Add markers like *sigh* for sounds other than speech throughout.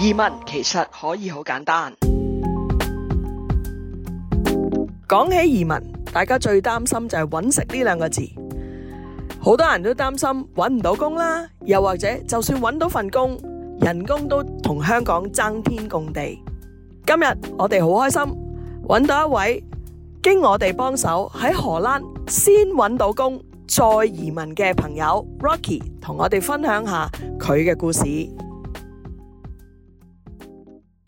移民其實可以好簡單。講起移民，大家最擔心就係搵食呢兩個字，好多人都擔心搵唔到工啦，又或者就算搵到份工，人工都同香港爭天共地。今日我哋好開心搵到一位經我哋幫手喺荷蘭先搵到工再移民嘅朋友 Rocky，同我哋分享下佢嘅故事。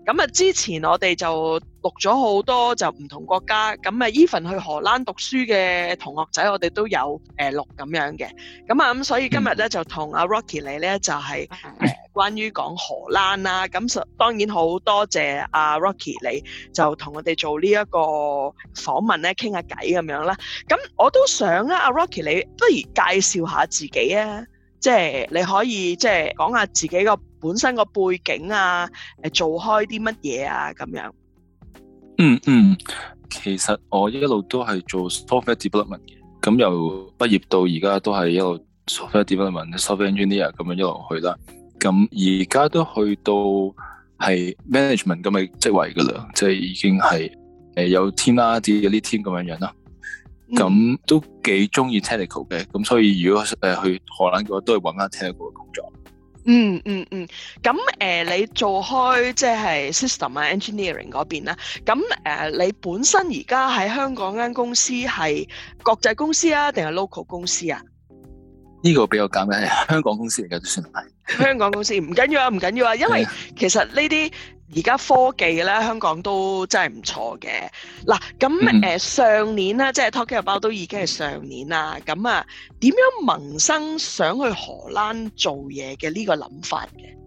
咁啊，之前我哋就錄咗好多就唔同國家，咁啊，even 去荷蘭讀書嘅同學仔，我哋都有誒錄咁樣嘅。咁啊，咁所以今日咧就同阿 Rocky 你咧，就係誒關於講荷蘭啦。咁當然好多謝阿 Rocky 你，就同我哋做呢一個訪問咧，傾下偈咁樣啦。咁我都想啊，阿 Rocky 你不如介紹下自己啊，即係你可以即係講下自己個。本身個背景啊，誒做開啲乜嘢啊咁樣。嗯嗯，其實我一路都係做 software development 嘅，咁由畢業到而家都係一路 software development soft、software engineer 咁樣一路去啦。咁而家都去到係 management 咁嘅職位噶啦，即係、嗯、已經係誒有 team 啦、嗯，啲有啲 team 咁樣樣啦。咁都幾中意 technical 嘅，咁所以如果誒去荷蘭嘅話，都係揾翻 technical 嘅工作。嗯嗯嗯，咁誒你做開即係 system 啊 engineering 嗰邊啦，咁誒你本身而家喺香港間公司係國際公司啊，定係 local 公司啊？呢個比較簡單，係香港公司而家都算係。香港公司唔緊要啊，唔緊要啊，因為其實呢啲。而家科技咧，香港都真係唔錯嘅。嗱，咁誒、嗯呃、上年啦，即係 Tokyo 包都已經係上年啦。咁啊，點樣萌生想去荷蘭做嘢嘅呢個諗法嘅？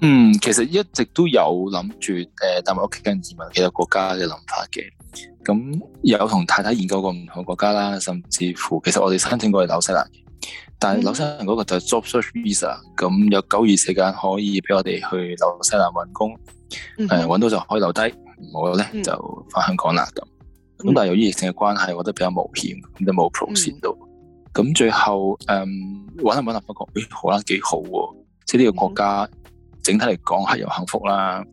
嗯，其實一直都有諗住誒帶埋屋企跟移民其他國家嘅諗法嘅。咁有同太太研究過唔同國家啦，甚至乎其實我哋申請過去紐西蘭嘅。但係紐西蘭嗰個就係 job search visa，咁有九月時間可以俾我哋去紐西蘭揾工，誒揾、mm hmm. 呃、到就可以留低，我咧、mm hmm. 就翻香港啦咁。咁但係由於疫情嘅關係，我覺得比較冒險，咁就冇 proceed 到。咁、mm hmm. 最後誒揾下揾下發覺誒荷蘭幾好喎，即係呢個國家整體嚟講係又幸福啦，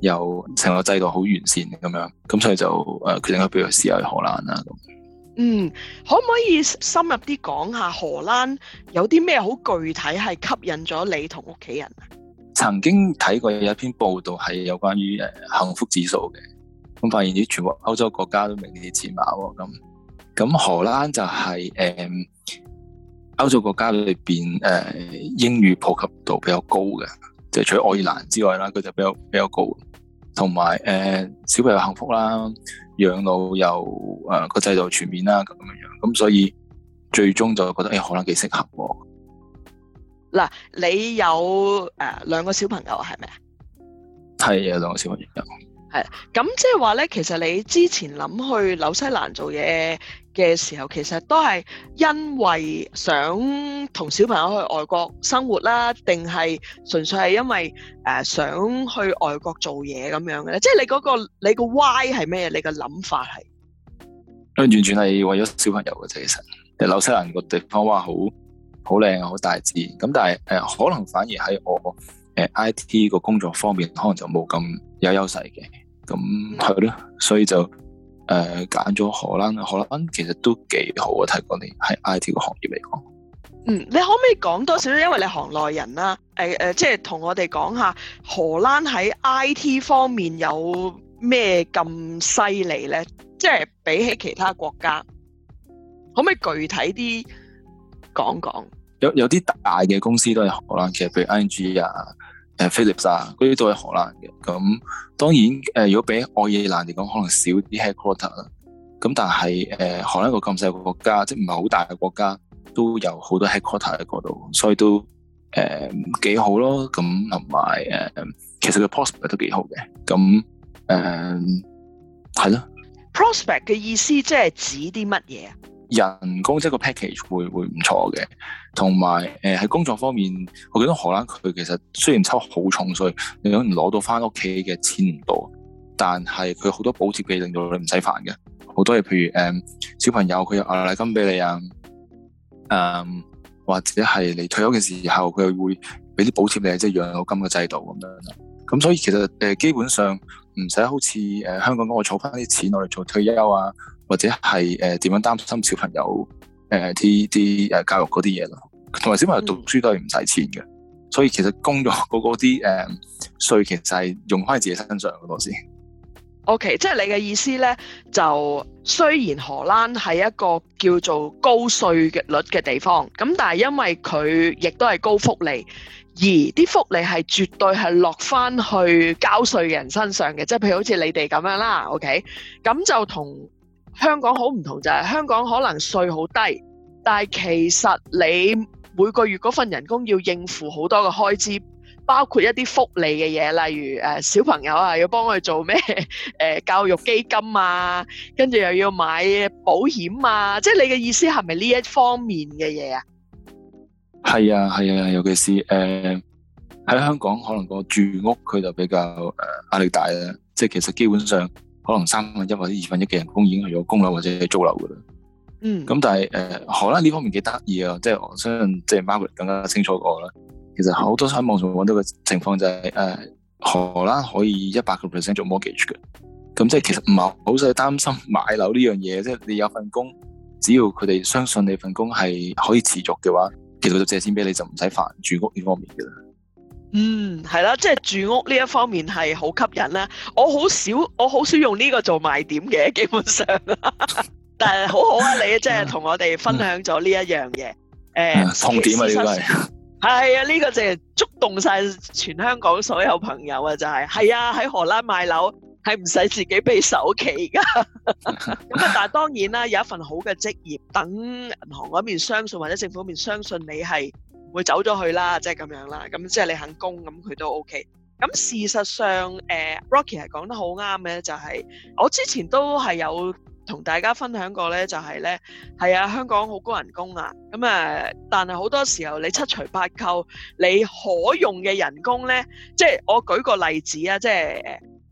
又成個制度好完善咁樣，咁所以就誒、呃、決定去俾佢試下去荷蘭啦。嗯，可唔可以深入啲講下荷蘭有啲咩好，具體係吸引咗你同屋企人啊？曾經睇過有一篇報道係有關於誒幸福指數嘅，咁發現啲全部歐洲國家都名列前茅咁，咁荷蘭就係誒歐洲國家裏邊誒、嗯、英語普及度比較高嘅，就係除咗愛爾蘭之外啦，佢就比較比較高的。同埋誒小朋友幸福啦，養老又誒個、呃、制度全面啦咁樣樣，咁所以最終就覺得誒可能幾適合喎。嗱，你有誒兩個小朋友係咪啊？係有兩個小朋友。係，咁即係話咧，其實你之前諗去紐西蘭做嘢嘅時候，其實都係因為想同小朋友去外國生活啦，定係純粹係因為誒、呃、想去外國做嘢咁樣嘅咧？即係你嗰、嗰個你個 why 係咩？你個諗法係誒完全係為咗小朋友嘅啫。其實紐西蘭個地方哇，好好靚啊，好大自然。咁但係誒、呃、可能反而喺我誒、呃、IT 個工作方面，可能就冇咁有，有優勢嘅。咁係咯，所以就。誒，揀咗、呃、荷蘭，荷蘭其實都幾好啊！睇過你喺 I T 個行業嚟講，嗯，你可唔可以講多少？因為你行內人啦，誒、呃、誒、呃，即係同我哋講下荷蘭喺 I T 方面有咩咁犀利咧？即係比起其他國家，可唔可以具體啲講講？有有啲大嘅公司都係荷蘭，其實譬如 ING 啊。誒 Philips 啊，嗰啲都係荷蘭嘅。咁當然，誒、呃、如果比愛爾蘭嚟講，可能少啲 headquarter 啦。咁但係，誒、呃，荷蘭一個咁細個國家，即係唔係好大嘅國家，都有好多 headquarter 喺嗰度，所以都誒幾、呃、好咯。咁同埋，誒、呃，其實佢 prospect 都幾好嘅。咁，誒、呃，係咯。prospect 嘅意思即係指啲乜嘢啊？人工即、就是、個 package 會會唔錯嘅，同埋誒喺工作方面，我覺得荷蘭佢其實雖然抽好重稅，你可能攞到翻屋企嘅錢唔多，但係佢好多補貼嘅，令到你唔使煩嘅好多嘢，譬如誒、呃、小朋友佢有牛奶金俾你啊，誒、呃、或者係你退休嘅時候佢會俾啲補貼你，即、就、係、是、養老金嘅制度咁樣啦。咁所以其實誒、呃、基本上唔使好似誒、呃、香港咁，我儲翻啲錢我嚟做退休啊。或者係誒、點樣擔心小朋友誒、啲啲誒教育嗰啲嘢咯，同埋小朋友讀書都係唔使錢嘅，嗯、所以其實供咗嗰啲誒稅其實係用翻自己身上好多先。Okay，即係你嘅意思咧，就雖然荷蘭係一個叫做高稅嘅率嘅地方，咁但係因為佢亦都係高福利，而啲福利係絕對係落翻去交稅嘅人身上嘅，即係譬如好似你哋咁樣啦。O K，咁就同。香港好唔同就係香港可能稅好低，但係其實你每個月嗰份人工要應付好多嘅開支，包括一啲福利嘅嘢，例如誒小朋友啊要幫佢做咩誒教育基金啊，跟住又要買保險啊，即係你嘅意思係咪呢一方面嘅嘢啊？係啊係啊，尤其是誒喺、呃、香港可能個住屋佢就比較誒壓力大啦，即係其實基本上。可能三分一或者二分一嘅人工已經去咗供樓或者租樓噶啦，嗯，咁但係誒、呃、荷蘭呢方面幾得意啊，即係我相信即係 Margaret 更加清楚過啦。其實好多喺網上搵到嘅情況就係、是、誒、呃、荷蘭可以一百個 percent 做 mortgage 嘅，咁即係其實唔係好使擔心買樓呢樣嘢，即係你有份工，只要佢哋相信你份工係可以持續嘅話，其實佢就借錢俾你就唔使煩住屋呢方面嘅啦。嗯，係啦、啊，即係住屋呢一方面係好吸引啦。我好少，我好少用呢個做賣點嘅，基本上。呵呵但係好好啊，你即係同我哋分享咗呢一樣嘢。誒，痛點啊，呢個係。係是啊，呢、這個就係觸動晒全香港所有朋友、就是、是啊！就係，係啊，喺荷蘭買樓係唔使自己俾首期噶。咁啊， *laughs* 但係當然啦，有一份好嘅職業，等銀行嗰邊相信，或者政府嗰邊相信你係會走咗去啦，即係咁樣啦，咁即係你肯供咁佢都 OK。咁事實上，誒 Rocky 係講得好啱嘅，就係我之前都係有同大家分享過咧，就係咧係啊香港好高人工啊，咁誒，但係好多時候你七除八扣，你可用嘅人工咧，即係我舉個例子啊，即係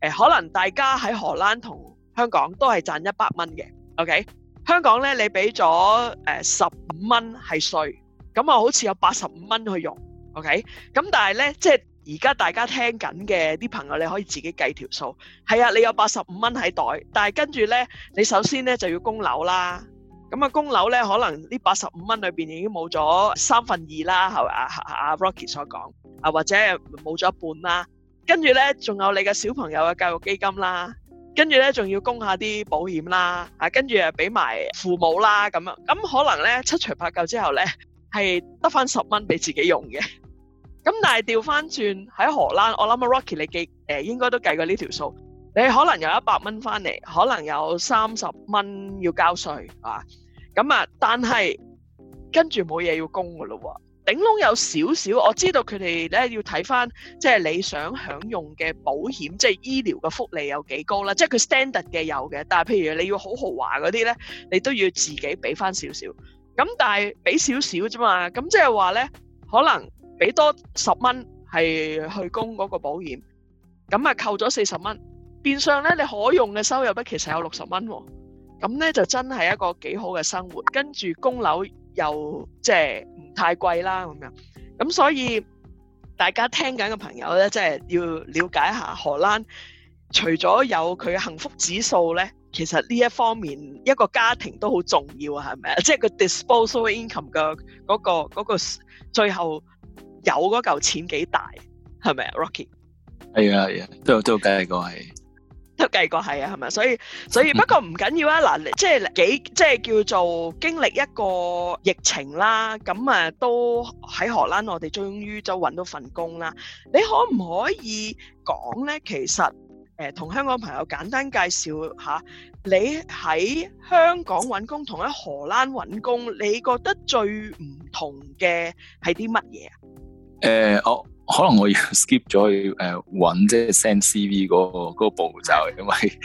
誒可能大家喺荷蘭同香港都係賺一百蚊嘅，OK？香港咧你俾咗誒十五蚊係稅。咁啊，好似有八十五蚊去用，OK？咁但係咧，即係而家大家聽緊嘅啲朋友，你可以自己計條數。係啊，你有八十五蚊喺袋，但係跟住咧，你首先咧就要供樓啦。咁啊，供樓咧可能呢八十五蚊裏邊已經冇咗三分二啦，係啊阿 Rocky 所講啊，或者冇咗一半啦。跟住咧，仲有你嘅小朋友嘅教育基金啦，跟住咧仲要供下啲保險啦，啊，跟住又俾埋父母啦，咁啊，咁可能咧七除八扣之後咧。係得翻十蚊俾自己用嘅， *laughs* 咁但係調翻轉喺荷蘭，我諗阿 Rocky 你計誒，應該都計過呢條數。你可能有一百蚊翻嚟，可能有三十蚊要交稅，係咁啊，但係跟住冇嘢要供噶咯。頂籠有少少，我知道佢哋咧要睇翻，即係你想享用嘅保險，即係醫療嘅福利有幾高啦。即係佢 standard 嘅有嘅，但係譬如你要好豪華嗰啲咧，你都要自己俾翻少少。咁但係俾少少啫嘛，咁即係話呢，可能俾多十蚊係去供嗰個保險，咁啊扣咗四十蚊，變相呢你可用嘅收入呢其實有六十蚊，咁呢就真係一個幾好嘅生活。跟住供樓又即係唔太貴啦，咁樣，咁所以大家聽緊嘅朋友呢，即係要了解下荷蘭，除咗有佢幸福指數呢。其實呢一方面一個家庭都好重要啊，係咪啊？即係個 disposable income 嘅嗰個最後有嗰嚿錢幾大係咪啊？Rocky，係啊係啊，都都計過係，都計過係啊係咪？所以所以不過唔緊要啊，嗱即係幾即係叫做經歷一個疫情啦，咁啊都喺荷蘭我哋終於就揾到份工啦。你可唔可以講咧？其實？誒，同香港朋友簡單介紹下，你喺香港揾工同喺荷蘭揾工，你覺得最唔同嘅係啲乜嘢啊？誒，我可能我要 skip 咗去誒揾即係 send CV 嗰個嗰個步驟，因為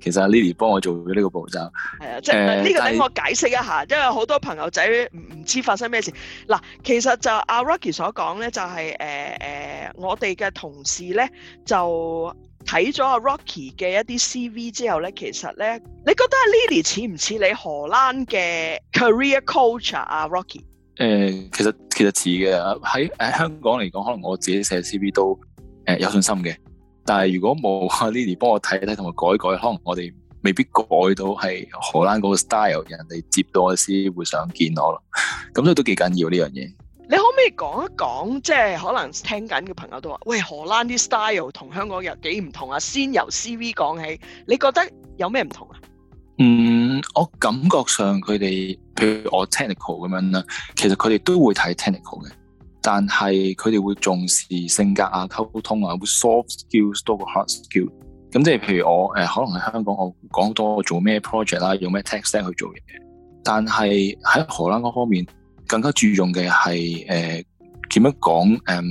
其實 Lily 幫我做咗呢個步驟。係啊，即係呢個等我解釋一下，因為好多朋友仔唔唔知發生咩事。嗱，其實就阿 Rocky 所講咧，就係誒、誒，我哋嘅同事咧就。睇咗阿 Rocky 嘅一啲 CV 之後咧，其實咧，你覺得阿 Lily 似唔似你荷蘭嘅 career culture 啊 Rocky？誒、呃，其實其實似嘅喺誒香港嚟講，可能我自己寫 CV 都誒有信心嘅。但係如果冇阿 Lily 幫我睇一睇同埋改改，可能我哋未必改到係荷蘭嗰個 style，人哋接到我先會想見我咯。咁所以都幾緊要呢樣嘢。你可唔可以講一講，即係可能聽緊嘅朋友都話：喂，荷蘭啲 style 同香港有幾唔同啊？先由 CV 講起，你覺得有咩唔同啊？嗯，我感覺上佢哋，譬如我 technical 咁樣啦，其實佢哋都會睇 technical 嘅，但係佢哋會重視性格啊、溝通啊，會 soft skills 多過 hard skill。咁即係譬如我誒、呃，可能喺香港我講多做咩 project 啦、啊，用咩 text 去做嘢嘅，但係喺荷蘭嗰方面。更加注重嘅係誒，點、呃、樣講誒，點、呃、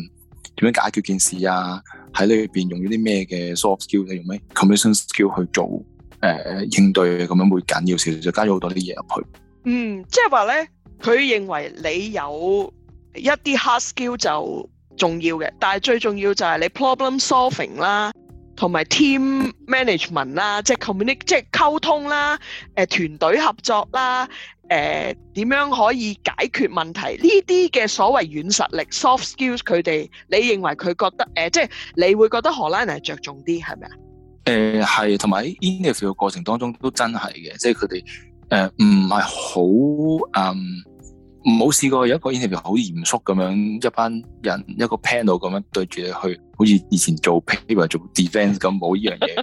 樣解決件事啊？喺裏面用咗啲咩嘅 soft skill 嚟用咩 communication skill 去做誒、呃、應對，咁樣會緊要少少，就加咗好多啲嘢入去。嗯，即係話咧，佢認為你有一啲 hard skill 就重要嘅，但係最重要就係你 problem solving 啦。同埋 team management 啦，即係 communicate 即係溝通啦，誒、呃、團隊合作啦，誒、呃、點樣可以解決問題？呢啲嘅所謂軟實力 soft skills，佢哋你認為佢覺得誒、呃，即係你會覺得荷蘭人係着重啲係咪啊？誒係，同埋喺 interview 嘅過程當中都真係嘅，即係佢哋誒唔係好嗯。唔好試過有一個 Interview 好嚴肅咁樣，一班人一個 Panel 咁樣對住你去，好似以前做 paper 做 Defense 咁，冇呢樣嘢。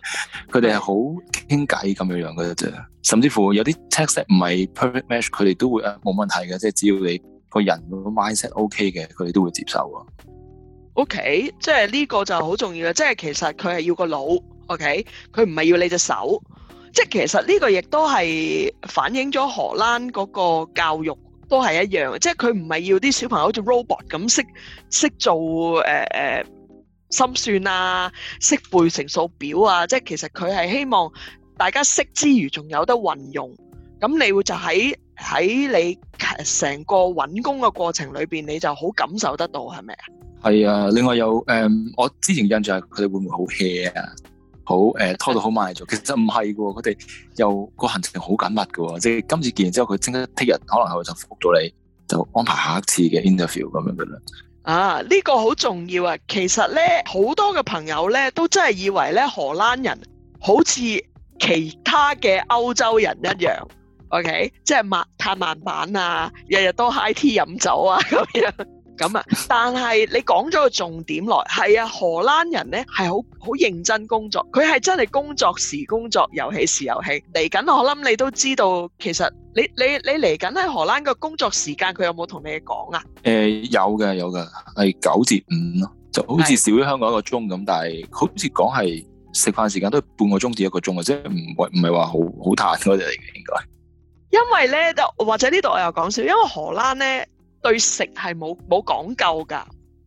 佢哋係好傾偈咁樣樣嘅啫。甚至乎有啲 text 唔係 perfect match，佢哋都會冇問題嘅。即係只要你個人個 mindset OK 嘅，佢哋都會接受啊。OK，即係呢個就好重要啦。即係其實佢係要個腦。O K，佢唔係要你隻手。即係其實呢個亦都係反映咗荷蘭嗰個教育。都係一樣，即係佢唔係要啲小朋友好似 robot 咁識識做誒誒心算啊，識背乘數表啊，即係其實佢係希望大家識之餘，仲有得運用。咁你會就喺喺你成個搵工嘅過程裏邊，你就好感受得到係咪啊？係啊，另外有誒，我之前印象係佢哋會唔會好 hea 啊？好、呃、拖到好慢咗，其實唔係喎。佢哋又個行程好緊密喎。即係今次見完之後，佢即刻聽日可能會就復到你，就安排下一次嘅 interview 咁樣嘅啦。啊，呢個好重要啊！其實咧，好多嘅朋友咧，都真係以為咧荷蘭人好似其他嘅歐洲人一樣，OK，即係慢太慢板啊，日日都 high tea 飲酒啊咁樣咁啊！但係你講咗個重點嚟，係啊，荷蘭人咧係好好認真工作，佢係真係工作時工作，遊戲時遊戲。嚟緊我諗你都知道，其實你你你嚟緊喺荷蘭嘅工作時間，佢有冇同你講啊？誒、呃、有嘅有嘅，係九至五咯，就好似少咗香港一個鐘咁，是但係好似講係食飯時間都半個鐘至一個鐘啊，即係唔唔係話好好彈只嚟嘅，應該。因為咧，就或者呢度我又講少，因為荷蘭咧。對食係冇冇講究噶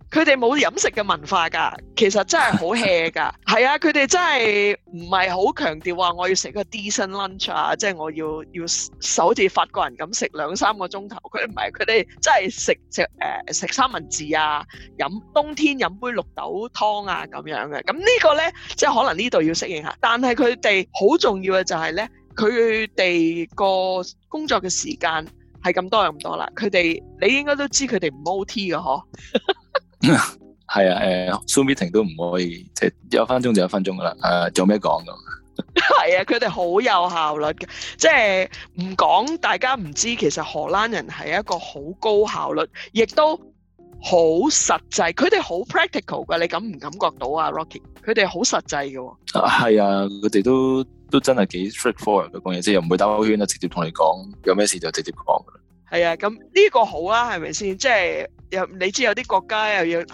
佢哋冇飲食嘅文化噶其實真係好 hea 噶係啊，佢哋真係唔係好強調話我要食個 decent lunch 啊，即係我要要好似法國人咁食兩三個鐘頭。佢唔係，佢哋真係食只誒食三文治啊，飲，冬天飲杯綠豆湯啊咁樣嘅。咁呢個呢，即係可能呢度要適應下。但係佢哋好重要嘅就係呢，佢哋個工作嘅時間。係咁多又咁多啦，佢哋你應該都知佢哋唔 OT 嘅嗬。係 *laughs* *laughs* 啊，誒，so meeting 都唔可以，即係一分鐘就一分鐘噶啦。誒，做咩講噶？係啊，佢哋好有效率嘅，即係唔講大家唔知。其實荷蘭人係一個好高效率，亦都好實際。佢哋好 practical 嘅，你感唔感覺到啊，Rocky？佢哋好實際嘅喎、哦。係啊，佢哋、啊、都。都真係幾 straightforward，佢講嘢即係又唔會兜圈啦，直接同你講有咩事就直接講噶啦。係啊，咁呢個好啦、啊，係咪先？即係又你知有啲國家又要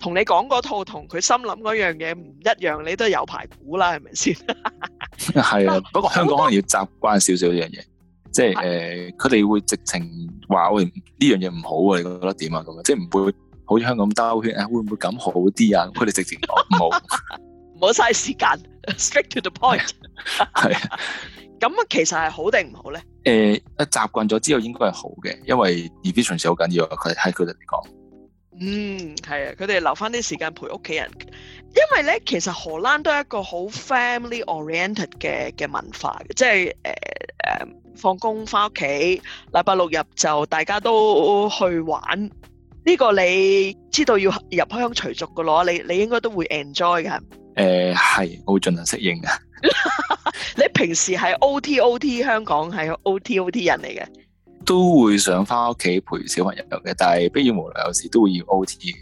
同你講嗰套，同佢心諗嗰樣嘢唔一樣，你都係有排估啦，係咪先？係啊， *laughs* 不過香港可能要習慣少少呢樣嘢，即係誒，佢、呃、哋 *laughs* 會直情話喂呢樣嘢唔好啊，你覺得點啊？咁樣，即係唔會好似香港兜圈啊，會唔會咁好啲啊？佢哋直情講唔好，唔好嘥 *laughs* 時間。Straight to the point，係啊，咁啊， *laughs* 其實係好定唔好咧？誒、呃，習慣咗之後應該係好嘅，因為 revisions 好緊要、嗯、啊。佢哋喺佢哋嚟講，嗯，係啊，佢哋留翻啲時間陪屋企人，因為咧其實荷蘭都係一個好 family oriented 嘅嘅文化，即係誒誒，放工翻屋企，禮拜六日就大家都去玩，呢、這個你知道要入鄉隨俗嘅咯，你你應該都會 enjoy 嘅。誒，係、呃、會盡量適應嘅。 *laughs* 你平時係 O T O T，香港係 O T O T 人嚟嘅，都會想翻屋企陪小朋友嘅，但係必要無奈有時都會要 O T 嘅，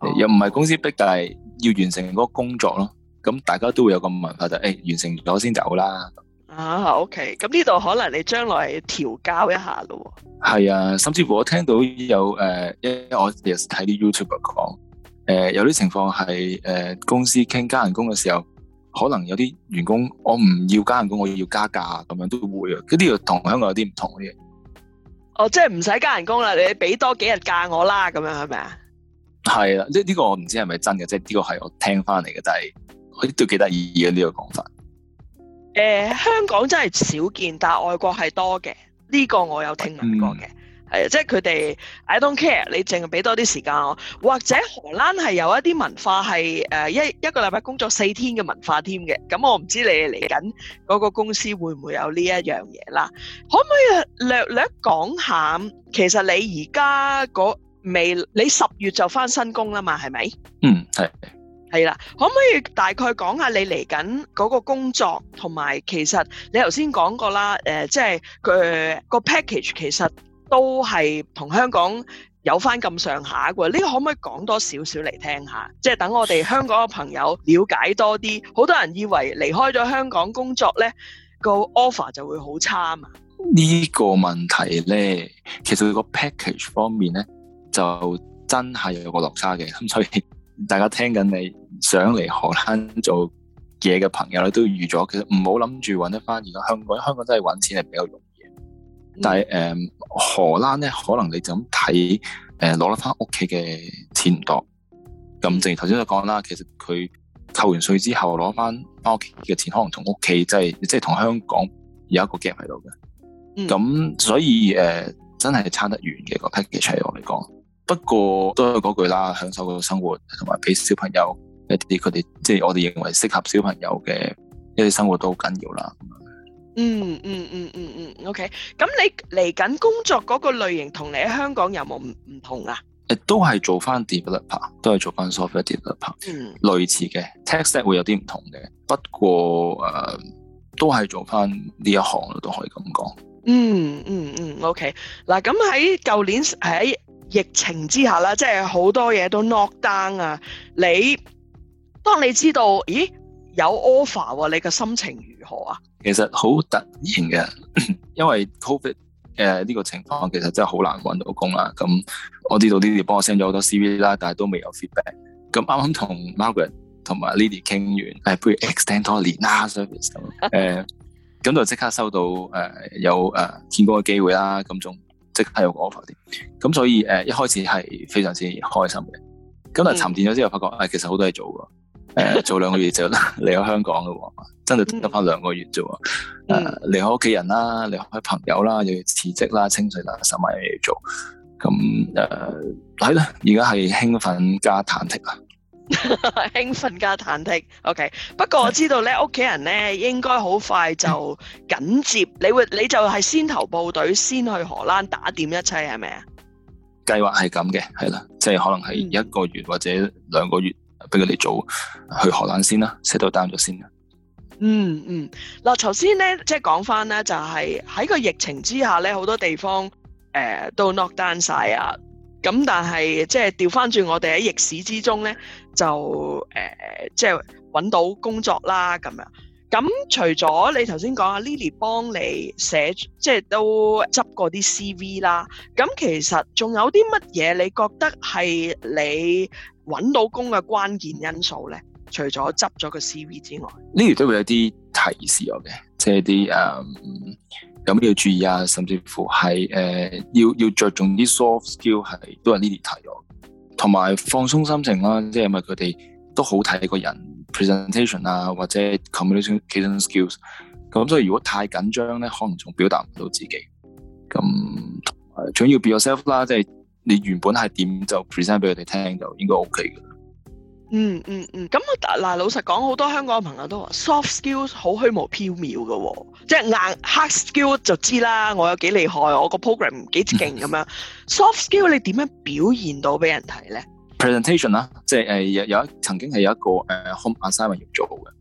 哦、又唔係公司逼，但係要完成嗰個工作咯。咁大家都會有個文化就誒，完成咗先走啦。啊，OK，咁呢度可能你將來調教一下咯。係啊，甚至乎我聽到有誒，因、呃、為我睇啲 YouTube 講。誒、呃，有啲情況係誒，公司傾加人工嘅時候，可能有啲員工，我唔要加人工，我要加價，咁樣都會啊。咁要同香港有啲唔同嘅嘢。哦，即係唔使加人工啦，你俾多幾日假我啦，咁樣係咪啊？係啦，呢呢、這個我唔知係咪真嘅，即係呢個係我聽翻嚟嘅，但係我都幾得意嘅呢個講法。誒、呃，香港真係少見，但係外國係多嘅。呢、這個我有聽聞過嘅。嗯即係佢哋 I don't care，你淨係俾多啲時間我，或者荷蘭係有一啲文化係一一個禮拜工作四天嘅文化添嘅，咁我唔知你嚟緊嗰個公司會唔會有呢一樣嘢啦？可唔可以略略講下，其實你而家嗰未，你十月就返新工啦嘛，係咪？嗯，係係啦，可唔可以大概講下你嚟緊嗰個工作，同埋其實你頭先講過啦、呃，即係佢個、呃、package 其實。都係同香港有翻咁上下嘅，呢個可唔可以講多少少嚟聽下？即係等我哋香港嘅朋友了解多啲。好多人以為離開咗香港工作呢個 offer 就會好差嘛？呢個問題呢，其實佢個 package 方面呢，就真係有個落差嘅。咁所以大家聽緊你想嚟荷蘭做嘢嘅朋友咧，都預咗其實唔好諗住揾得翻，而家香港香港真係揾錢係比較容易。但係誒、嗯、荷蘭咧，可能你就咁睇誒攞得翻屋企嘅錢唔多。咁正如頭先所講啦，其實佢扣完稅之後攞翻翻屋企嘅錢，可能同屋企即係即係同香港有一個 gap 喺度嘅。咁、嗯、所以誒、呃、真係差得遠嘅個 package 係我嚟講。不過都係嗰句啦，享受個生活同埋俾小朋友一啲佢哋即係我哋認為適合小朋友嘅一啲生活都好緊要啦。嗯嗯嗯嗯嗯，OK。咁你嚟緊工作嗰個類型同你喺香港有冇唔唔同啊？誒，都係做翻 developer，都係做翻 software developer，嗯，mm. 類似嘅。tech stack 會有啲唔同嘅，不過誒、呃，都係做翻呢一行都可以咁講。嗯嗯嗯，OK。嗱，咁喺舊年喺疫情之下啦，即係好多嘢都 lock down 啊。你當你知道，咦有 offer 喎、啊，你嘅心情如何啊？其實好突然嘅，因為 Covid 誒、呃、呢、這個情況，其實真係好難搵到工啦。咁、嗯、我知道 Lily 幫我 send 咗好多 CV 啦、嗯，但係都未有 feedback。咁啱啱同 Margaret 同埋 Lily 傾完，誒、哎、不如 extend 多年啦、啊、service 咁、嗯，誒咁、 *laughs* 呃、就即刻收到誒、呃、有誒見工嘅機會啦。咁仲即刻有 offer 添。咁所以誒、呃、一開始係非常之開心嘅。咁、嗯嗯、但沉澱咗之後，發覺誒、哎、其實好多嘢做噶。誒、 *laughs* 呃，做兩個月就離開香港咯，真係得返兩個月啫。誒、嗯，離、呃、開屋企人啦，離開朋友啦，又要辭職啦，清水啦，手尾做。咁、嗯、誒，係、呃、啦，而家係興奮加忐忑啊！ *laughs* 興奮加忐忑。O、okay、K，不過我知道咧，屋企人咧應該好快就緊接， *laughs* 你會你就係先頭部隊，先去荷蘭打掂一切，係咪啊？計劃係咁嘅，係啦，即、就、係、是、可能係一個月或者兩個月、嗯。俾佢哋做去荷蘭先啦，set 到單咗先，先嗯。嗯嗯，嗱，頭先咧，即係講翻咧，就係喺個疫情之下咧，好多地方誒、呃、都 not down 晒啊。咁但係即係調翻轉，我哋喺逆市之中咧，就誒、呃、即係搵到工作啦咁樣。咁除咗你頭先講阿 Lily 幫你寫，即係都執過啲 CV 啦。咁其實仲有啲乜嘢？你覺得係你？揾到工嘅關鍵因素咧，除咗執咗個 CV 之外，呢啲都會有啲提示我嘅，即係啲誒有咩要注意啊，甚至乎係誒、呃、要要著重啲 soft skill 係都係呢啲提咗，同埋放鬆心情啦，即係因為佢哋都好睇你個人 presentation 啊，或者 communication skills，咁所以如果太緊張咧，可能仲表達唔到自己，咁誒，仲要 be yourself 啦，即係。你原本係點就 present 俾佢哋聽，就應該 OK 嘅。嗯嗯嗯，咁我嗱，老實講，好多香港嘅朋友都話 soft skills 好虛無縹緲嘅，即係硬 hard skill 就知啦，我有幾厲害，我個 program 幾勁咁樣。soft skill 你點樣表現到俾人睇咧？presentation 啦，即係誒有有一曾經係有一個誒 home assignment 要做嘅。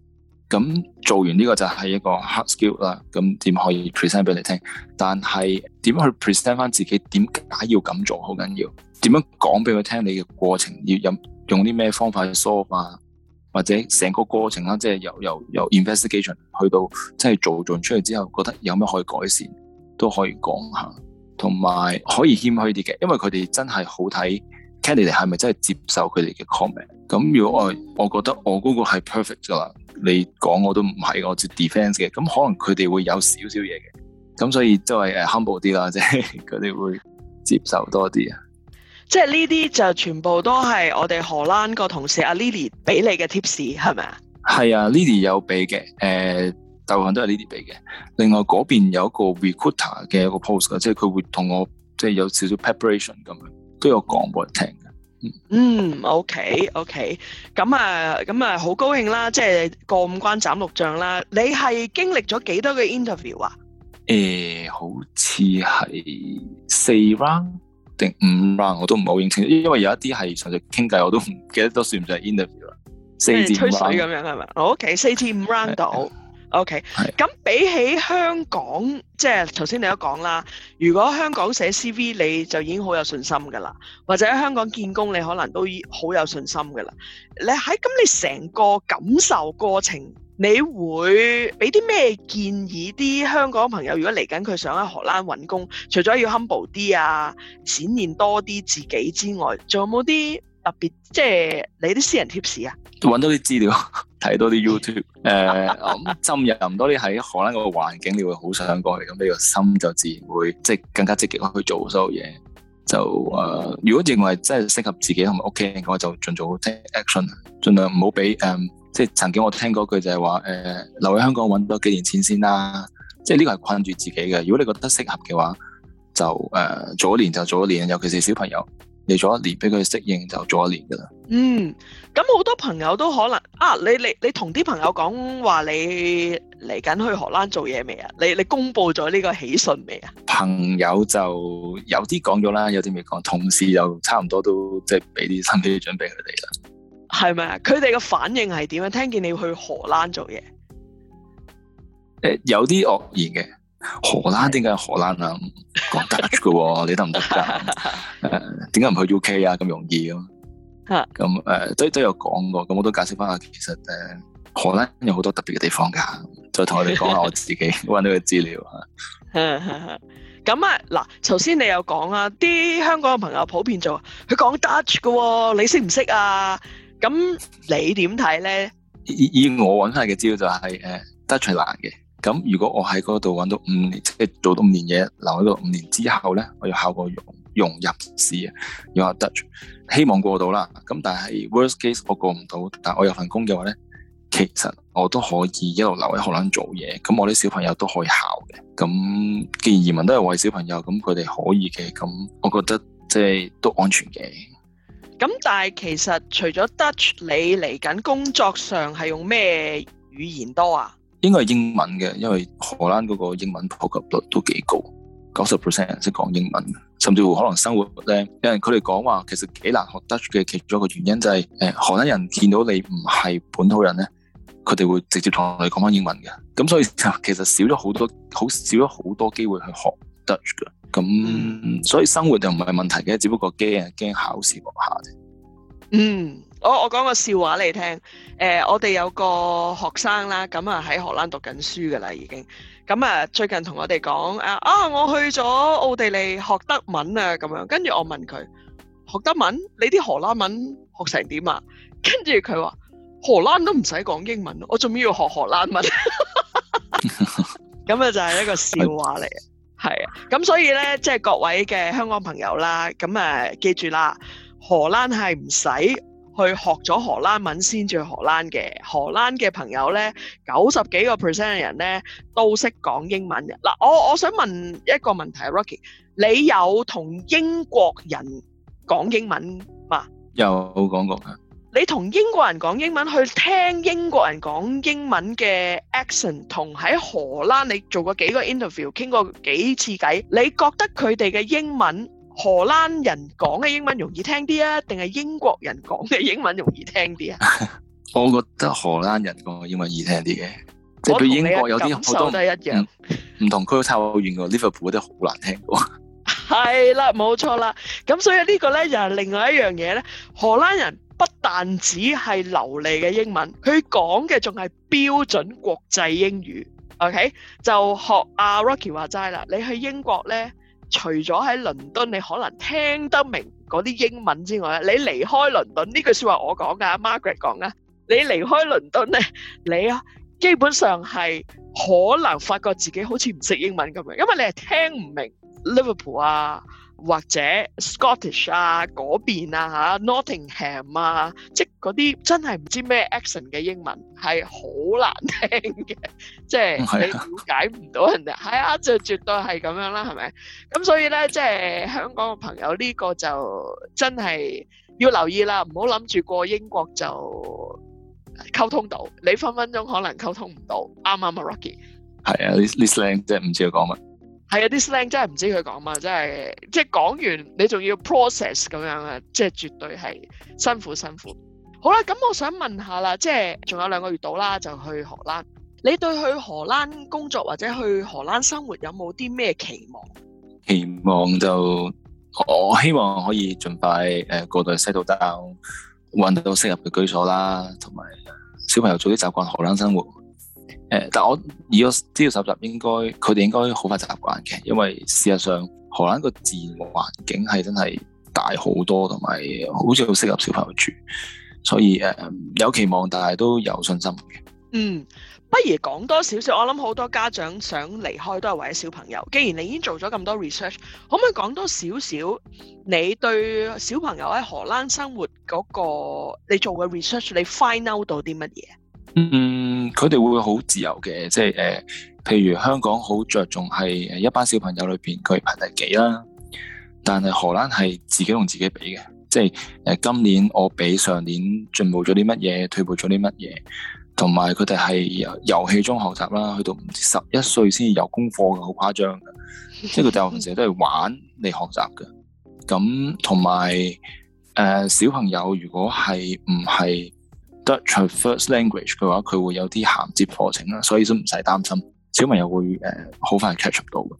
咁做完呢個就係一個 hard skill 啦，咁點可以 present 俾你聽？但係點去 present 翻自己？點解要咁做？好緊要，點樣講俾佢聽你嘅過程？要有用啲咩方法去 solve 啊？或者成個過程啦，即係由由由 investigation 去到即係做做出嚟之後，覺得有咩可以改善，都可以講下。同埋可以謙虛啲嘅，因為佢哋真係好睇 candidate 係咪真係接受佢哋嘅 comment。咁如果我，我覺得我嗰個係 perfect 㗎啦，你講我都唔係我接 defense 嘅，咁可能佢哋會有少少嘢嘅，咁所以就係誒 humble 啲啦，即係佢哋會接受多啲啊。即係呢啲就全部都係我哋荷蘭個同事阿 Lily 俾你嘅 tips 係咪啊？係啊，Lily 有俾嘅，誒、呃、大部分都係 Lily 俾嘅。另外嗰邊有一個 recruiter 嘅一個 post 嘅，即係佢會同我即係有少少 preparation 咁樣都有講俾我聽。嗯，OK，OK，咁啊，咁啊，好高興啦，即係過五關斬六將啦。你係經歷咗幾多個 interview 啊？誒、欸，好似係四 round 定五 round，我都唔係好認清，因為有一啲係純粹傾偈，我都唔記得都算唔算係 interview 啊？即係、嗯、吹水咁樣係咪？OK，四至五 round 到。 *laughs* OK 咁比起香港，即係頭先你都講啦。如果香港寫 CV 你就已經好有信心㗎啦，或者香港見工你可能都好有信心㗎啦。你喺咁，你成個感受過程，你會俾啲咩建議啲香港朋友？如果嚟緊佢想喺荷蘭揾工，除咗要 humble 啲啊，展現多啲自己之外，仲有冇啲？特別即係你啲私人 tips 啊，揾多啲資料，睇多啲 YouTube、 *laughs* 呃。誒，浸入多啲喺荷蘭嗰個環境，你會好想過去，咁、這、你個心就自然會即係更加積極去做所有嘢。就誒、呃，如果認為真係適合自己同埋屋企人嘅話，我就盡早 take action 盡量唔好俾誒，即係曾經我聽過句就係話，誒、呃、留喺香港揾多幾年錢先啦。即係呢個係困住自己嘅。如果你覺得適合嘅話，就誒、呃、做一年就早一年，尤其是小朋友。你做一年，俾佢適應就做一年噶啦。嗯，咁好多朋友都可能啊，你你你同啲朋友講話你嚟緊去荷蘭做嘢未啊？你你公佈咗呢個喜訊未啊？朋友就有啲講咗啦，有啲未講。同事又差唔多都即係俾啲心理準備佢哋啦。係咪啊？佢哋嘅反應係點樣？聽見你去荷蘭做嘢，誒、呃、有啲愕然嘅。荷蘭點解荷蘭啊？講 Dutch 嘅、哦，你得唔得啊？誒，點解唔去 U K 啊？咁容易啊，咁、呃、誒，都都有講過，咁我都解釋翻下，其實誒，荷蘭有好多特別嘅地方噶，再同我哋講下我自己揾 *laughs* 到嘅資料啊、就是。咁、呃、啊，嗱，頭先你有講啊，啲香港嘅朋友普遍做佢講 Dutch 嘅，你識唔識啊？咁你點睇咧？以以我揾翻嚟嘅資料就係誒，Dutch 難嘅。咁如果我喺嗰度揾到五年，即係做到五年嘢，留喺度五年之後咧，我要考個融融入試啊，用 Dutch，希望過到啦。咁但係 worst case 我過唔到，但我有份工嘅話咧，其實我都可以一路留喺荷蘭做嘢。咁我啲小朋友都可以考嘅。咁既然移民都係為小朋友，咁佢哋可以嘅。咁我覺得即係都安全嘅。咁但係其實除咗 Dutch，你嚟緊工作上係用咩語言多啊？應該係英文嘅，因為荷蘭嗰個英文普及率都幾高，九十 percent 識講英文，甚至乎可能生活咧，因為佢哋講話其實幾難學 Dutch 嘅其中一個原因就係、是，誒、欸、荷蘭人見到你唔係本土人咧，佢哋會直接同你講返英文嘅，咁所以其實少咗好多好少咗好多機會去學 Dutch 嘅，咁、嗯、所以生活就唔係問題嘅，只不過驚啊驚考試落下啫。嗯。我我講個笑話你聽，呃、我哋有個學生啦，咁啊喺荷蘭讀緊書噶啦，已經咁啊、嗯、最近同我哋講啊啊，我去咗奧地利學德文啊，咁樣跟住我問佢學德文，你啲荷蘭文學成點啊？跟住佢話荷蘭都唔使講英文，我仲要學荷蘭文，咁 *laughs* 啊、 *laughs* 嗯、就係、係、一個笑話嚟，係啊。咁所以咧，即係各位嘅香港朋友啦，咁誒、啊、記住啦，荷蘭係唔使，去學咗荷蘭文先至去荷蘭嘅荷蘭嘅朋友呢，九十幾個 percent 嘅人呢，都識講英文。嗱，我我想問一個問題，Rocky，你有同英國人講英文嘛？有講過噶。你同英國人講英文，去聽英國人講英文嘅 accent，同喺荷蘭你做過幾個 interview，傾過幾次偈，你覺得佢哋嘅英文？荷蘭人講嘅英文容易聽啲啊，定係英國人講嘅英文容易聽啲啊？我覺得荷蘭人講嘅英文易聽啲嘅，即係對英國有啲好多唔同區都差好遠嘅，Liverpool 都好難聽嘅。係啦，冇錯啦。咁所以呢個咧又係另外一樣嘢咧。荷蘭人不但只係流利嘅英文，佢講嘅仲係標準國際英語。OK，就學阿 Rocky 話齋啦，你去英國咧。除咗喺倫敦，你可能聽得明嗰啲英文之外咧，你離開倫敦呢句説話我講㗎，Margaret 講啊，你離開倫敦咧，你啊基本上係可能發覺自己好似唔識英文咁樣，因為你係聽唔明 Liverpool 啊。或者 Scottish 啊嗰邊啊嚇 Nottingham 啊，即係嗰啲真係唔知咩 accent 嘅英文係好難聽嘅，即係你理解唔到人哋。係啊，就絕對係咁樣啦，係咪？咁所以咧，即係香港嘅朋友呢個就真係要留意啦，唔好諗住過英國就溝通到，你分分鐘可能溝通唔到。啱啱咪 Rocky，係啊，呢呢聲即係唔知佢講乜。係啊，啲 slang 真係唔知佢講嘛，真係即係講完你仲要 process 咁樣啊，即係絕對係辛苦辛苦。好啦，咁我想問下啦，即係仲有兩個月到啦，就去荷蘭。你對去荷蘭工作或者去荷蘭生活有冇啲咩期望？期望就我希望可以盡快誒、呃、過到去 settle down，揾到適合嘅居所啦，同埋小朋友早啲習慣荷蘭生活。誒，但我以我知道實習，他們，應該佢哋應該好快習慣嘅，因為事實上荷蘭個自然環境係真係大好多，同埋好似好適合小朋友住，所以誒有期望，但係都有信心嘅。嗯，不如講多少少，我諗好多家長想離開都係為咗小朋友。既然你已經做咗咁多 research，可唔可以講多少少你對小朋友喺荷蘭生活嗰，那個你做嘅 research，你 find out 到啲乜嘢？.嗯，佢哋會好自由嘅，即係誒、呃，譬如香港好着重係誒一班小朋友裏邊佢排第幾啦，但係荷蘭係自己同自己比嘅，即係誒、呃、今年我比上年進步咗啲乜嘢，退步咗啲乜嘢，同埋佢哋係遊戲中學習啦，去到唔知十一歲先有功課嘅，好誇張嘅， *laughs* 即係佢哋平時都係玩嚟學習嘅。咁同埋誒小朋友如果係唔係？得 transfer language 嘅話，佢會有啲銜接課程啦，所以都唔使擔心小、呃嗯 um, 就是、朋友會誒好快 catch up 到嘅。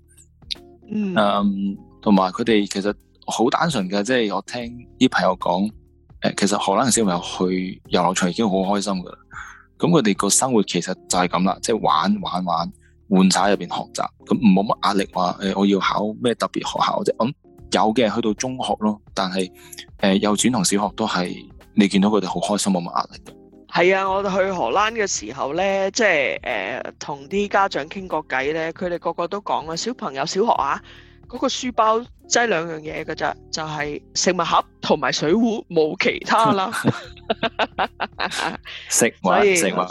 嗯，同埋佢哋其實好單純嘅，即係我聽啲朋友講，誒，其實荷蘭嘅小朋友去遊樂場已經好開心噶啦。咁佢哋個生活其實就係咁啦，即係玩玩玩，玩耍入邊學習，咁唔冇乜壓力話誒、呃、我要考咩特別學校啫。咁、就是、有嘅去到中學咯，但係誒、呃、幼稚園同小學都係你見到佢哋好開心冇乜壓力。係啊，我哋去荷蘭嘅時候咧，即係誒同啲家長傾過偈咧，佢哋個個都講啊，小朋友小學啊。嗰個書包擠兩樣嘢㗎咋，就係食物盒同埋水壺，冇其他啦。食玩食玩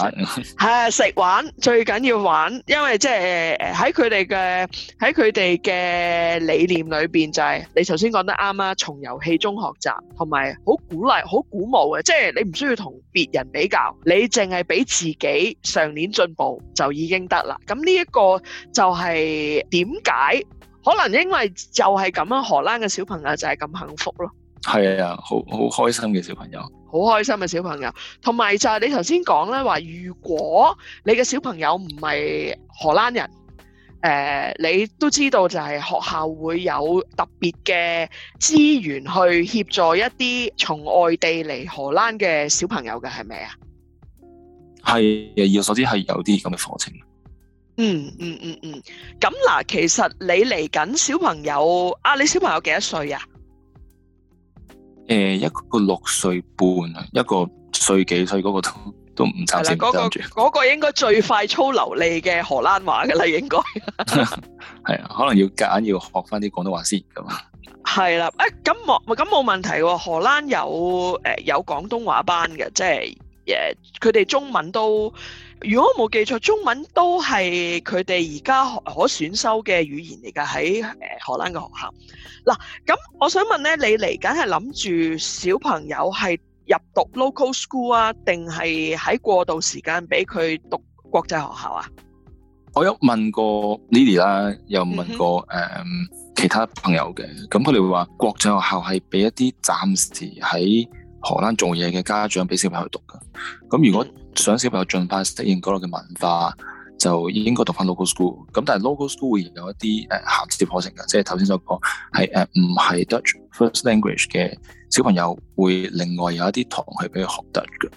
係食玩最緊要玩，因為即係喺佢哋嘅喺佢哋嘅理念裏邊，就係你頭先講得啱啦。從遊戲中學習，同埋好鼓勵、好鼓舞嘅，即係你唔需要同別人比較，你淨係俾自己上年進步就已經得啦。咁呢一個就係點解？可能因為就係咁樣，荷蘭嘅小朋友就係咁幸福咯。係啊，好好開心嘅小朋友，好開心嘅小朋友。同埋就係你頭先講咧話，如果你嘅小朋友唔係荷蘭人，誒、呃，你都知道就係學校會有特別嘅資源去協助一啲從外地嚟荷蘭嘅小朋友嘅係咪啊？係，以我所知係有啲咁嘅課程。嗯嗯嗯嗯，咁、嗯、嗱、嗯嗯，其實你嚟緊小朋友啊？你小朋友幾多歲啊？誒，一個六歲半，一個歲幾歲嗰個都都唔差，唔差嗰個嗰個應該最快操流利嘅荷蘭話嘅啦，應該係啊，可能要夾硬要學翻啲廣東話先噶嘛。係啦，誒、欸，咁冇咁冇問題喎。荷蘭有誒、呃、有廣東話班嘅，即係誒，佢、呃、哋中文都。如果我冇記錯，中文都係佢哋而家可選修嘅語言嚟㗎，喺誒荷蘭嘅學校。嗱，咁我想問咧，你嚟緊係諗住小朋友係入讀 local school 啊，定係喺過渡時間俾佢讀國際學校啊？我有問過 Lily 啦，又問過誒、嗯哼嗯、其他朋友嘅，咁佢哋會話國際學校係俾一啲暫時喺。荷蘭做嘢嘅家長，俾小朋友去讀噶。咁如果想小朋友盡快適應嗰度嘅文化，就應該讀翻 local school。咁但係 local school 會有一啲誒銜接課程嘅，即係頭先所講係誒唔係、呃、Dutch first language 嘅小朋友，會另外有一啲堂係俾佢學得嘅。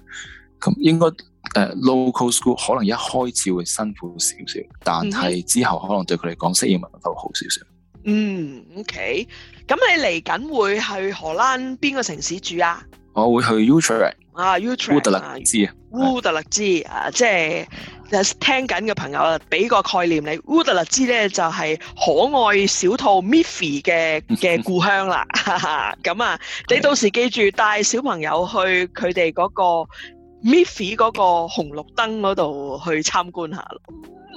咁應該誒、呃、local school 可能一開始會辛苦少少，但係之後可能對佢嚟講適應文化會好少少。嗯，OK。咁你嚟緊會去荷蘭邊個城市住啊？我會去 Utrecht 啊，Utrecht 烏德勒支啊，烏德勒支啊，啊，即係、就是、聽緊嘅朋友啊，俾個概念你，烏特勒支咧就係、是、可愛小兔 Miffy 嘅嘅故鄉啦，咁、嗯嗯、啊，你到時記住帶小朋友去佢哋嗰個 Miffy 嗰個紅綠燈嗰度去參觀下咯。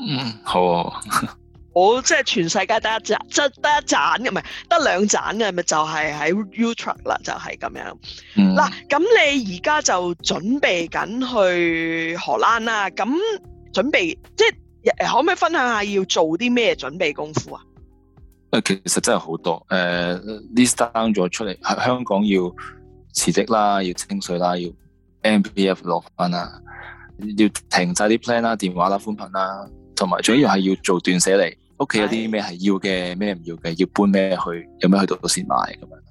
嗯、哦，好。我、哦、即係全世界得一盞，即係得一盞咁，唔係得兩盞嘅咪就係喺 Utrecht 啦，就係咁樣。嗱，咁你而家就準備緊去荷蘭啦，咁準備即係可唔可以分享下要做啲咩準備功夫啊？誒，其實真係好多誒，list 咗出嚟，香港要辭職啦，要清稅啦，要 MPF 落分啊，要停晒啲 plan 啦、電話啦、寬頻啦，同埋仲要係要做斷捨離。屋企有啲咩係要嘅，咩唔是要嘅，要搬咩去，有咩去到先買咁樣。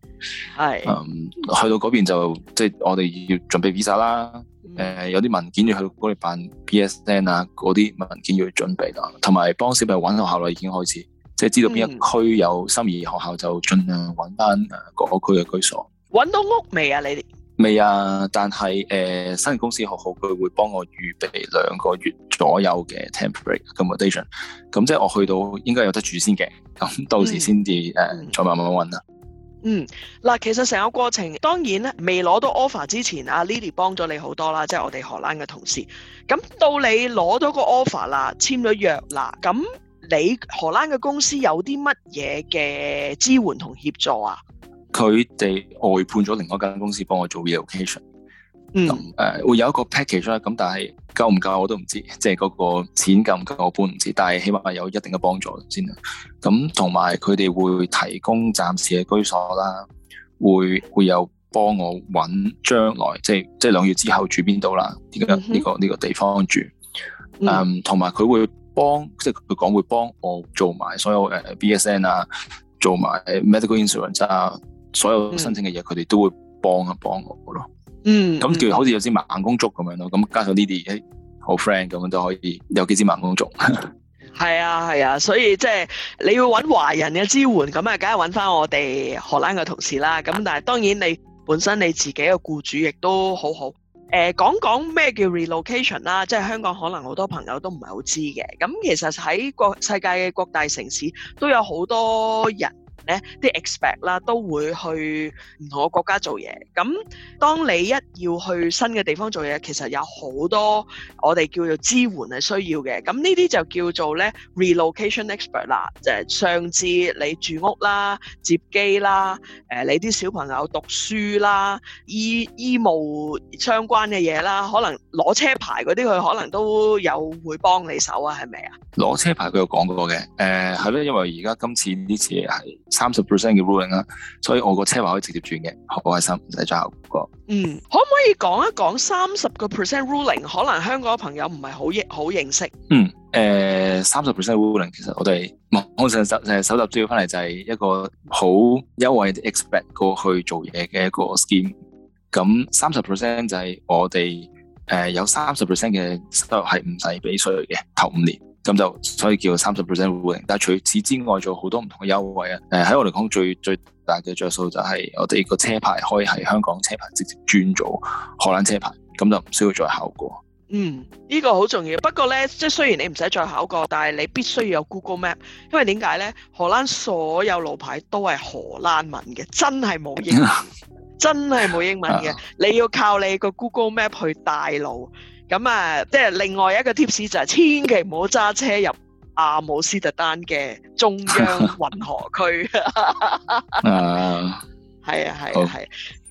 係是、嗯，去到嗰邊就即係、就是、我哋要準備 visa 啦，誒、嗯呃，有啲文件要去嗰度辦 BSN 啊，嗰啲文件要去準備啊，同埋幫小朋友揾學校啦，已經開始，即、就、係、是、知道邊一區有心儀學校就盡量揾翻誒嗰個區嘅居所。揾、嗯、到屋未啊？你哋？未啊，但係誒、呃，新嘅公司學好，佢會幫我預備兩個月左右嘅 temporary accommodation，咁即係我去到應該有得住先嘅，咁到時先至誒再慢慢搵啦。嗯，嗱，其實成個過程，當然咧，未攞到 offer 之前，阿 Lily 幫咗你好多啦，即係我哋荷蘭嘅同事。咁到你攞到個 offer 啦，簽咗約啦，咁你荷蘭嘅公司有啲乜嘢嘅支援同協助啊？佢哋外判咗另外間公司幫我做 relocation、嗯呃、會有一個 package 啦。咁，但係夠唔夠我都唔知，即係嗰個錢夠唔夠我搬唔知，但係起碼有一定嘅幫助先啦。咁同埋佢哋會提供暫時嘅居所啦，會會有幫我揾將來，即係即係兩月之後住邊度啦？點解呢個呢、呢個地方住？嗯，同埋佢會幫，即係佢講會幫我做埋所有誒 BSN 啊，做埋 medical insurance 啊。所有申請嘅嘢，佢哋、嗯、都會幫一幫我咯。嗯，咁叫好似有支盲公竹咁樣咯。咁加上呢啲好 friend 咁，都可以有幾支盲公竹。係 *laughs* 啊係啊，所以即係你要揾華人嘅支援，咁啊梗係揾翻我哋荷蘭嘅同事啦。咁但係當然你本身你自己嘅雇主亦都好好。誒、呃，講講咩叫 relocation 啦？即、就、係、是、香港可能好多朋友都唔係好知嘅。咁其實喺國世界嘅各大城市都有好多人。咧啲 expect 啦，s，都會去唔同嘅國家做嘢。咁當你一要去新嘅地方做嘢，其實有好多我哋叫做支援係需要嘅。咁呢啲就叫做咧 relocation expert 啦，誒，就係、上至你住屋啦、接機啦、誒、呃、你啲小朋友讀書啦、醫醫務相關嘅嘢啦，可能攞車牌嗰啲佢可能都有會幫你手啊，係咪啊？攞車牌佢有講過嘅，誒係咯，因為而家今次呢次係。三十 percent 嘅 ruling 啦、啊，所以我個車牌可以直接轉嘅，好開心，唔使再學過。嗯，可唔可以講一講三十個 percent ruling？可能香港朋友唔係好認，好認識。嗯，誒、呃，三十 percent ruling 其實我哋網上搜誒搜集資料翻嚟就係一個好優惠 expect 過去做嘢嘅一個 scheme。咁三十 percent 就係、是、我哋誒、呃、有三十 percent 嘅收入係唔使俾稅嘅，頭五年。咁就所以叫三十 percent ruling，但係除此之外有很多不同的，做好多唔同嘅優惠啊！誒，喺我嚟講最最大嘅着數就係我哋個車牌可以喺香港車牌直接轉做荷蘭車牌，咁就唔需要再考過。嗯，呢個好重要。不過咧，即係雖然你唔使再考過，但係你必須要有 Google Map，因為點解咧？荷蘭所有路牌都係荷蘭文嘅，真係冇英文的， *laughs* 真係冇英文嘅。 *laughs* 你要靠你個 Google Map 去帶路。咁啊，即係另外一個 tips 就係千祈唔好揸車入阿姆斯特丹嘅中央運河區。啊，係好啊，係、嗯、啊，係啊，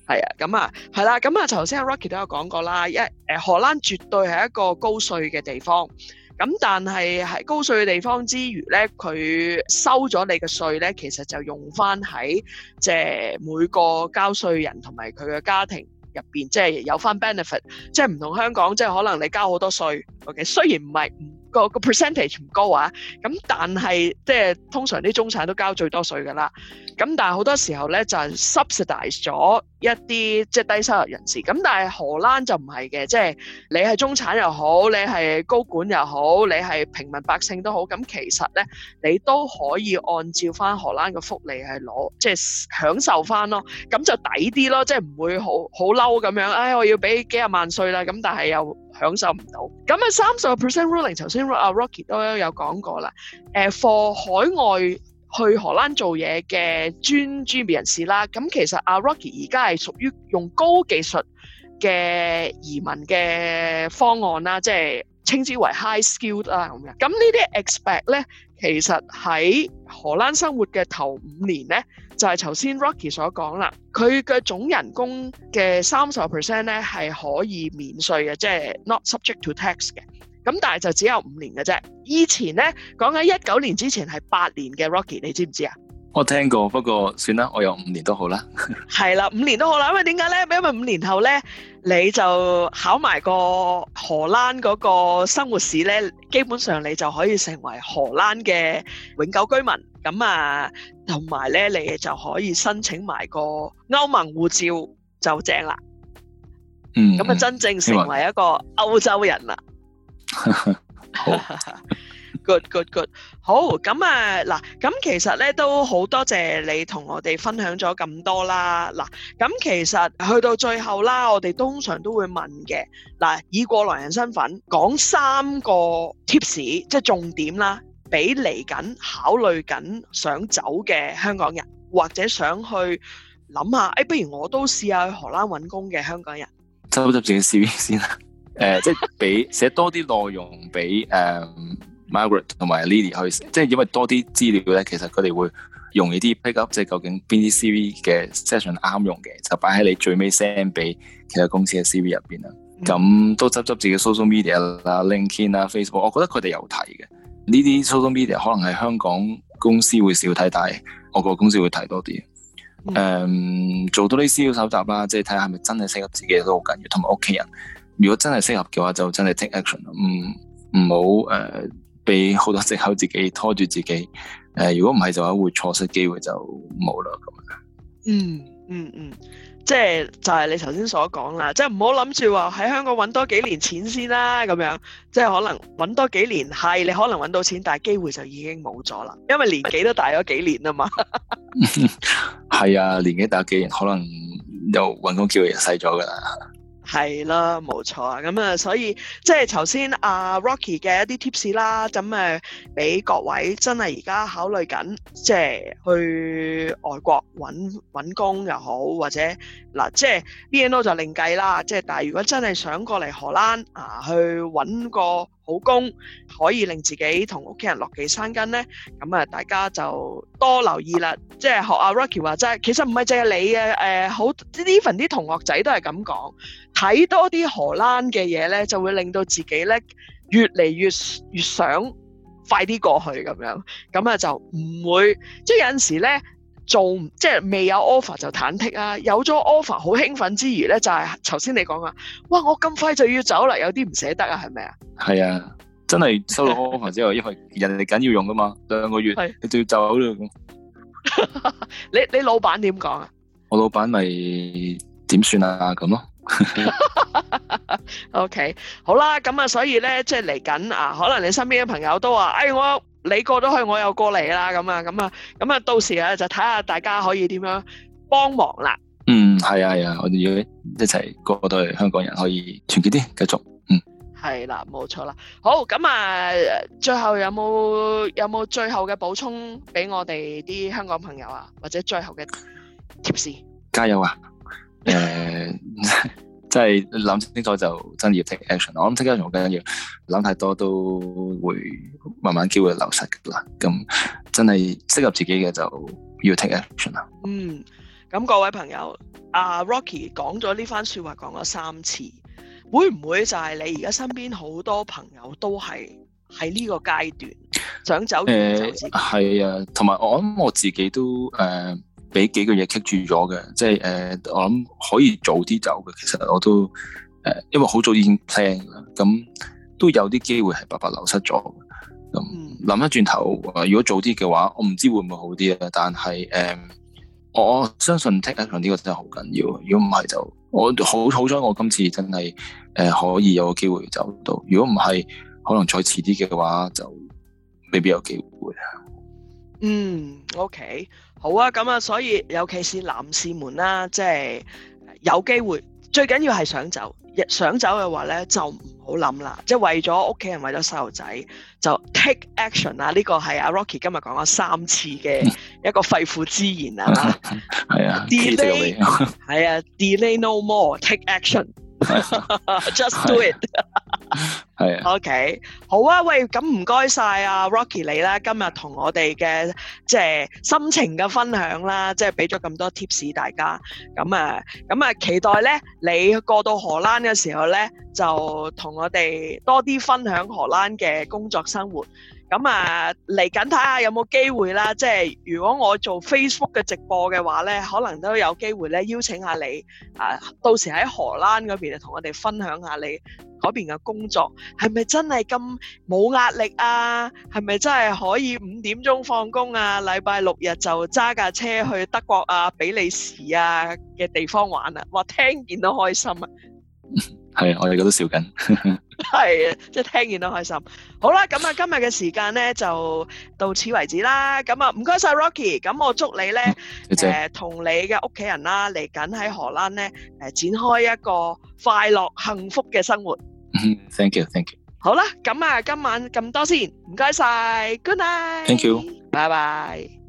係啊，咁啊，係啦，咁啊，頭先阿 Rocky 都有講過啦，一誒荷蘭絕對係一個高稅嘅地方。咁但係喺高稅嘅地方之餘咧，佢收咗你嘅稅咧，其實就用翻喺即係每個交稅人同埋佢嘅家庭。入邊即係有翻 benefit，即係唔同香港，即係可能你交好多稅。OK，雖然唔係。個個 percentage 唔高啊，咁但係即係通常啲中產都交最多稅噶啦，咁但係好多時候咧就係 subsidise 咗一啲即係低收入人士，咁但係荷蘭就唔係嘅，即係你係中產又好，你係高管又好，你係平民百姓都好，咁其實咧你都可以按照翻荷蘭嘅福利係攞即係享受翻咯，咁就抵啲咯，即係唔會好好嬲咁樣，唉我要俾幾廿萬稅啦，咁但係又。享受唔到，咁啊三十個 percent ruling，頭先阿 Rocky 都有講過啦。誒、呃，for 海外去荷蘭做嘢嘅專專業人士啦，咁其實阿 Rocky 而家係屬於用高技術嘅移民嘅方案啦，即係稱之為 high skilled 啦咁樣。咁呢啲 expect 咧，其實喺荷蘭生活嘅頭五年咧。就係頭先 Rocky 所講啦，佢嘅總人工嘅三十 percent 咧係可以免稅嘅，即係 not subject to tax 嘅。咁但係就只有五年嘅啫。以前咧，講緊一九年之前係八年嘅 Rocky，你知唔知啊？我聽過，不過算啦，我有五年都好啦。係 *laughs* 啦，五年都好啦，因為點解咧？因為五年後咧，你就考埋個荷蘭嗰個生活史咧，基本上你就可以成為荷蘭嘅永久居民。咁啊～同埋咧，你就可以申請埋個歐盟護照就正啦。嗯，咁啊，真正成為一個歐洲人啦。好，good，good，good，因為 *laughs* 好。咁 *laughs* 啊，嗱，咁其實咧都好多謝你同我哋分享咗咁多啦。嗱、啊，咁其實去到最後啦，我哋通常都會問嘅，嗱、啊，以過來人身份講三個 tips，即係重點啦。俾嚟緊考慮緊想走嘅香港人，或者想去諗下，哎，不如我都試下去荷蘭揾工嘅香港人。執執自己 CV 先啦，誒、 *laughs* 呃，即係俾寫多啲內容俾、嗯、Margaret 同埋 Lily 去，即係因為多啲資料咧，其實佢哋會容易啲 pick up，即係究竟邊啲 CV 嘅 session 啱用嘅，就擺喺你最尾 send 俾其他公司嘅 CV 入面啦。咁都執執自己 social media 啦、LinkedIn、啊、Facebook，我覺得佢哋有睇嘅。呢啲 social media 可能係香港公司會少睇，但係我個公司會睇多啲。誒、嗯，um, 做多啲資料搜集啦，即係睇下係咪真係適合自己都好緊要。同埋屋企人，如果真係適合嘅話，就真係 take action 啦、嗯。唔唔好誒，俾、呃、好多借口自己拖住自己。誒、呃，如果唔係就話會錯失機會就冇啦。咁樣。嗯嗯嗯。嗯嗯即係就係你頭先所講啦，即係唔好諗住話喺香港搵多幾年錢先啦，咁樣即係可能搵多幾年係你可能搵到錢，但係機會就已經冇咗啦，因為年紀都大咗幾年啊嘛。係 *laughs* 啊，年紀大咗幾年，可能又搵工機會細咗噶啦。係啦，冇錯啊，咁、嗯、啊，所以即係頭先阿 Rocky 嘅一啲 tips 啦，咁誒俾各位真係而家考慮緊，即係去外國揾揾工又好，或者嗱，即係 BNO 就另計啦。即係但如果真係想過嚟荷蘭啊，去揾個。好工可以令自己同屋企人落地生根呢。咁啊大家就多留意啦，即係學阿 Rocky 話齋，其實唔係淨係你啊，誒好 Even 啲同學仔都係咁講，睇多啲荷蘭嘅嘢呢，就會令到自己呢越嚟越越想快啲過去咁樣，咁啊就唔會即係有陣時呢。做即係未有 offer 就忐忑啊，有咗 offer 好興奮之餘咧，就係頭先你講啊，哇！我咁快就要走啦，有啲唔捨得啊，係咪啊？係啊，真係收到 offer 之後， *laughs* 因為人嚟緊要用噶嘛，兩個月你是就要走啦咁 *laughs* 你你老闆點講啊？我老闆咪點算啊？咁咯。 *laughs* *laughs* OK，好啦，咁啊，所以咧，即係嚟緊啊，可能你身邊嘅朋友都話，哎我。你過咗去，我又過嚟啦，咁啊，咁啊，咁啊，到時啊就睇下大家可以點樣幫忙啦。嗯，係啊，係啊，我哋要一齊過到去，香港人可以團結啲，繼續。嗯，係啦，冇錯啦。好，咁啊，最後有冇有冇最後嘅補充俾我哋啲香港朋友啊？或者最後嘅貼士？加油啊！誒。即係諗清楚就真要 take action。我諗 take action 好緊要，諗太多都會慢慢機會流失㗎喇。咁真係適合自己嘅就要 take action 啦。嗯，咁各位朋友，阿、啊、Rocky 講咗呢番說話講咗三次，會唔會就係你而家身邊好多朋友都係喺呢個階段想走、走？誒、欸，係啊，同埋我諗我自己都誒。呃俾幾個嘢棘住咗嘅，即係誒、呃，我諗可以早啲走嘅。其實我都誒、呃，因為好早已經 plan 啦，咁都有啲機會係白白流失咗。咁諗、嗯、一轉頭，如果早啲嘅話，我唔知會唔會好啲啊？但係誒、呃，我相信 take action 呢個真係好緊要。如果唔係就我好好彩，我今次真係誒、呃、可以有個機會走到。如果唔係，可能再遲啲嘅話，就未必有機會啊。嗯，OK。好啊，咁啊，所以尤其是男士們啦，即係有機會，最緊要係想走，想走嘅話咧，就唔好諗啦，即係為咗屋企人，為咗細路仔，就 take action 啊。呢個係阿 Rocky 今日講咗三次嘅一個肺腑之言啊！係啊，delay 係啊，delay no more，take action，just *laughs* do it。 *laughs* 係 OK 好啊，喂，咁唔該晒啊，Rocky 你啦，今日同我哋嘅即係心情嘅分享啦，即係俾咗咁多 tips 大家，咁啊，咁啊，期待咧你過到荷蘭嘅時候咧，就同我哋多啲分享荷蘭嘅工作生活。咁啊，嚟緊睇下有冇機會啦，即係如果我做 Facebook 嘅直播嘅話咧，可能都有機會咧邀請下你啊，到時喺荷蘭嗰邊同我哋分享下你嗰邊嘅工作，係咪真係咁冇壓力啊？係咪真係可以五點鐘放工啊？禮拜六日就揸架車去德國啊、比利時啊嘅地方玩啊？哇聽見都開心啊！係，我哋都笑緊。係啊，即係聽見都開心。好啦，咁啊今日嘅時間咧就到此為止啦。咁啊唔該晒 Rocky，咁我祝你咧誒，同你嘅屋企人啦，嚟緊喺荷蘭咧誒，展開一個快樂幸福嘅生活。嗯，thank you，thank you。好啦，咁啊今晚咁多先，唔該晒，good night。Thank you，拜拜。